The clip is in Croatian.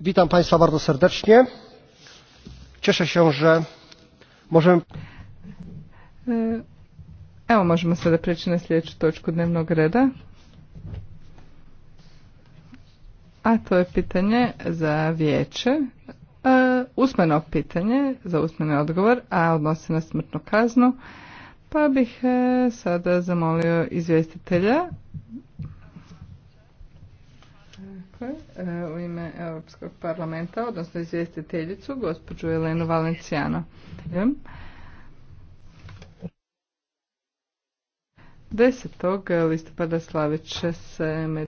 witam państwa bardzo serdecznie cieszę się że możemy e, Evo možemo sada preći na sljedeću točku dnevnog reda. A to je pitanje za vijeće. E, usmeno pitanje za usmeni odgovor, a odnosi na smrtnu kaznu. Pa bih e, sada zamolio izvjestitelja E, u ime Europskog parlamenta, odnosno izvjestiteljicu, gospođu Elenu Valencijano. Desetog listopada slavit će se